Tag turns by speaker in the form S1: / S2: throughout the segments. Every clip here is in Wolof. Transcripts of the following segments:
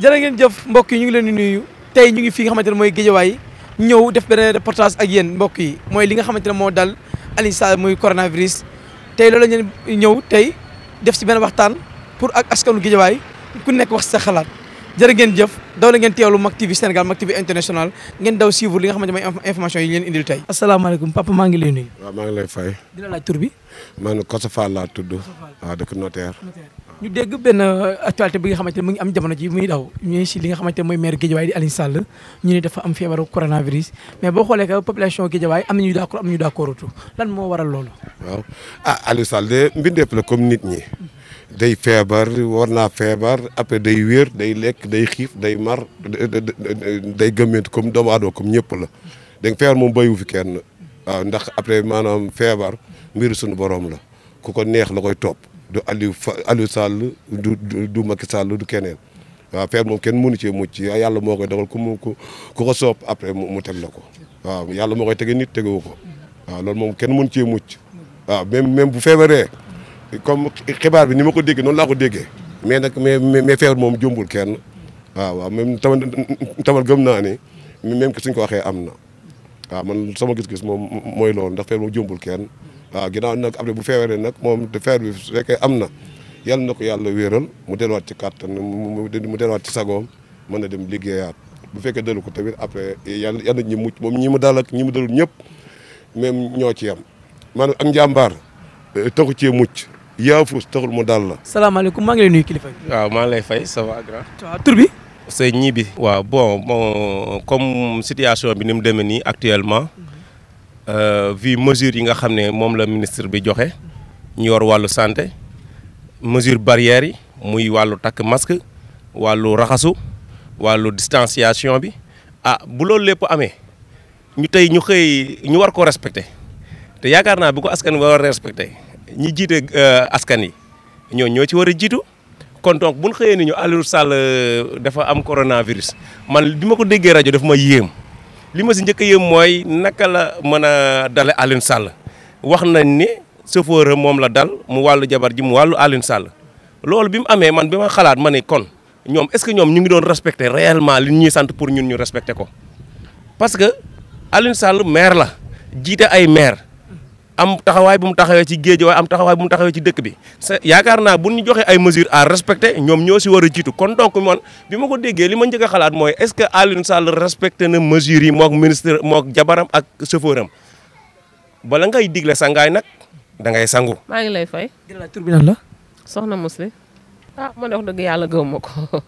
S1: jërë ngeen jëf mbokk yi ñu ngi leen di nuyu tey ñu ngi fi nga xamante ne mooy géejawaay ñëw def benn reportage ak yéen mbokk yi mooy li nga xamante ne moo dal Alioune Sarr muy coronavirus tey loolu la ñu ñëw tey def si benn waxtaan pour ak askanu géejawaay ku nekk wax sa xalaat jërë ngeen jëf daw la ngeen teewlu Mak TV Sénégal Mak TV international ngeen daw suivre li nga xamante ne mooy information yi ñu leen indil tey asalaamaaleykum papa maa ngi lay nuyu
S2: waaw maa ngi lay fay dina laaj tur
S1: ñu dégg benn actualité bi nga xamante ne mu ngi am jamono ji muy daw ñu si li nga xamante ne mooy maire Guédiawaye di Aliou ñu ne dafa am feebaru coronavirus mais boo xoolee que population Guédiawaye am nañu d'accord am nañu d'accordutu lan moo waral
S2: loolu. waaw ah Aliou Sall de mbindeef la comme nit ñi day feebar war naa feebar après day wéer day lekk day xiif day mar day gëmmeent comme doomu comme ñëpp la dégg nga moom béyu ndax après maanaam feebar mbir sunu borom la ku ko neex la koy topp. du Aliou Aliou Sall du du Macky Sall du keneen waaw moom kenn mënu cee mucc yàlla moo koy dogal ku mu ku ko soob après mu teg la ko waaw yàlla moo koy tege nit tegewu ko waaw moom kenn mënu cee mucc waaw même même bu feebaree comme xibaar bi ni ma ko déggee noonu laa ko déggee mais nag mais mais feebar moom jombul kenn waaw waaw même tamal tamal gëm naa ni même que suñ ko waxee am na waaw man sama gis-gis moom mooy loolu ndax feebar moom jombul kenn. waaw ginnaaw nag après bu feebaree nag moom de feer bi su fekkee am na yàlla na ko yàlla wéeral mu delluwaat ci kàttan mu delluwaat ci sagoom mën a dem liggéeyaat bu fekkee dellu ko tamit après yàlla yàlla ñi mucc moom ñi mu dal ak ñi mu dalul ñëpp même ñoo ci yam maanaam
S3: ak njàmbaar eh, taxu cee mucc yaafus taxul mu dal la.
S1: salaamaaleykum maa ngi lay nuyu kilifa
S3: bi. maa ngi lay fay ça va grand. waaw tur bi. sëñ ñi bi. waaw bon bon comme situation bi ni mu demee nii actuellement. Euh, vu mesure yi nga xam ne moom la ministre bi joxe ñu yor wàllu santé mesure barrières yi muy wàllu takk masque wàllu raxasu wàllu distanciation bi ah bu loolu lépp amee ñu tey ñu xëyee ñu war ko respecté te yaakaar naa bu ko askan wi war a respecté ñi jiite euh, askan yi ñoo ñoo ci war a jiitu kon donc bu ñu xëyee ni ñu Aliou Sall euh, dafa am coronavirus man bi ma ko déggee rajo daf ma yéem. li ma si njëkk a yëm mooy naka la mën a dale Alioune Sall wax nañ ni chauffeur moom la dal mu wàllu jabar ji mu wàllu Alioune Sall loolu bi mu amee man bi ma xalaat ma ne kon ñoom est-ce que ñoom ñu ngi doon respecté réellement li ñuy sant pour ñun ñu respecté ko parce que Alioune Sall maire la jiite ay maire am taxawaay bu mu taxawee ci géej waaye am taxawaay bu mu taxawee ci dëkk bi yaakaar naa bu ñu joxee ay mesures à respecter ñoom ñoo si war a jiitu kon donc man bi ma ko déggee li ma njëkk a xalaat mooy est-ce que Aliou Sall respecté na mesures yi mook ministre mook jabaram ak chauffeuram bala ngay digle sangaay nag da ngay sangu.
S4: maa ngi lay fay. tur bi nan la. soxna Mously ah man de wax dëgg yàlla gëw ma ko.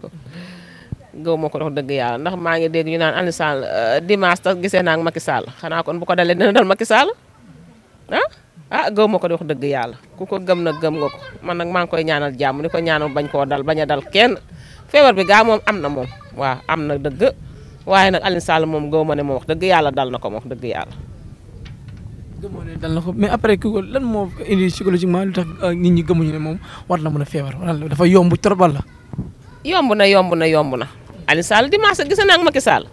S4: gëw ma ko dox dëgg yàlla ndax maa ngi dégg ñu naan Aliou Sall euh, dimanche tax gisee naa ak Macky Sall xanaa kon bu ko dalee dina dal Macky Sall ah ah gëw ma ko di wax dëgg yàlla ku ko gëm na gëm nga ko man nag maa ngi koy ñaanal jàmm ni ko ñaanal bañ koo dal bañ a dal kenn feebar bi gaa moom am na moom waaw am na dëgg waaye nag Alioune Sall moom gëw ma ne moom wax dëgg yàlla dal na ko wax dëgg yàlla.
S1: gëmoo ne dal na ko mais après ku lan moo indi psychologiquement lu tax euh, nit ñi gëmuñu ne moom war na mën a feebar wala dafa yombu trop la
S4: yomb na yomb na yomb na Alioune Sall dimanche gis naa ak Macky Sall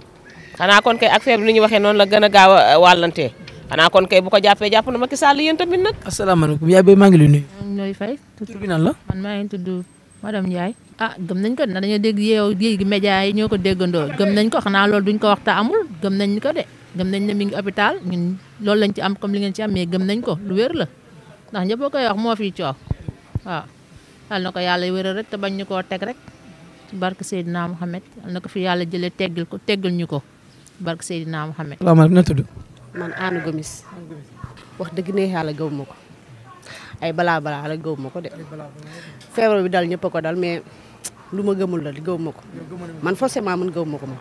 S4: xanaa kon kay ak feebar li ñu waxee noonu la gën a gaaw a euh, wàllantee xanaa kon kay bu ko jàppee jàpp na Macky Sall yéen tamit nag.
S1: asalaamaaleykum yaay béy maa ngi lay nuyu.
S4: ñooy fay. tur bi nan aa man maa ah, gëm nañ ko na dañoo dégg yeew gi média yi ñoo ko déggandoo gëm nañ ko xanaa loolu duñ ko wax te amul gëm nañ ko de gëm nañ ne mi ngi hôpital ñun loolu lañ ci am comme li ngeen ci am mais gëm nañ ko lu wér la ndax ñëpp koy wax moo fiy coow waaw. yal na ko yàlla wéral rek te bañ ñu koo teg rek ci barke Seydina Mohamed yal na ko fi yàlla jëlee teggil ko teggil ñu ko barke Seydina Mohamed. waaw man na tudd. man Anna Gomis wax dëgg ne yàlla gaw ma ko ay balaa balaa la gaw ma ko de feebar bi dal ñëpp ko dal mais lu ma gëmul la di ma ko man forcément man gaw ma ko moom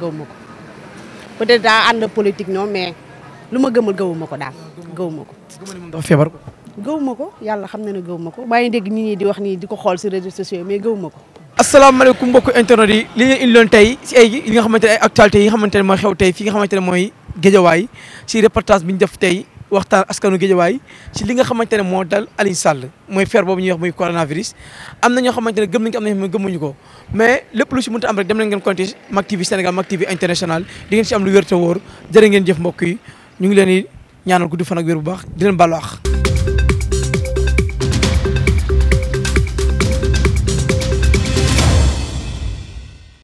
S4: gaw ma a peut-être daa ànd politique ñoom mais lu ma gëmul gaw ko daal gaw ma ko dafa feebar ko gaw ko yàlla xam na ne gaw ma ko maa ngi dégg nit ñi di wax nii di ko xool si réseaux sociaux mais gaw ma ko
S1: asalaamaaleykum mbokku internet yi li ngeen indiloon tey si ay yi nga xamante ne actualité yi nga xamante ne mooy xew tey fi nga xamante ne mooy géejawaay ci reportage bi ñu def tey waxtaan askanu géejawaay ci li nga xamante ne moo dal Aliou Sall mooy fer boobu ñuy wax muy coronavirus am na ñoo xamante ne gëm nañ ko am na ñoo gëmuñu ko mais lépp lu ci mënta am rek dem leen ngeen compter Mak TV Sénégal Mak TV international di ne ci am lu wér te wóor jërë ngeen jëf mbokk yi ñu ngi leen di ñaanal gudd fan ak wér bu baax di leen baalu àq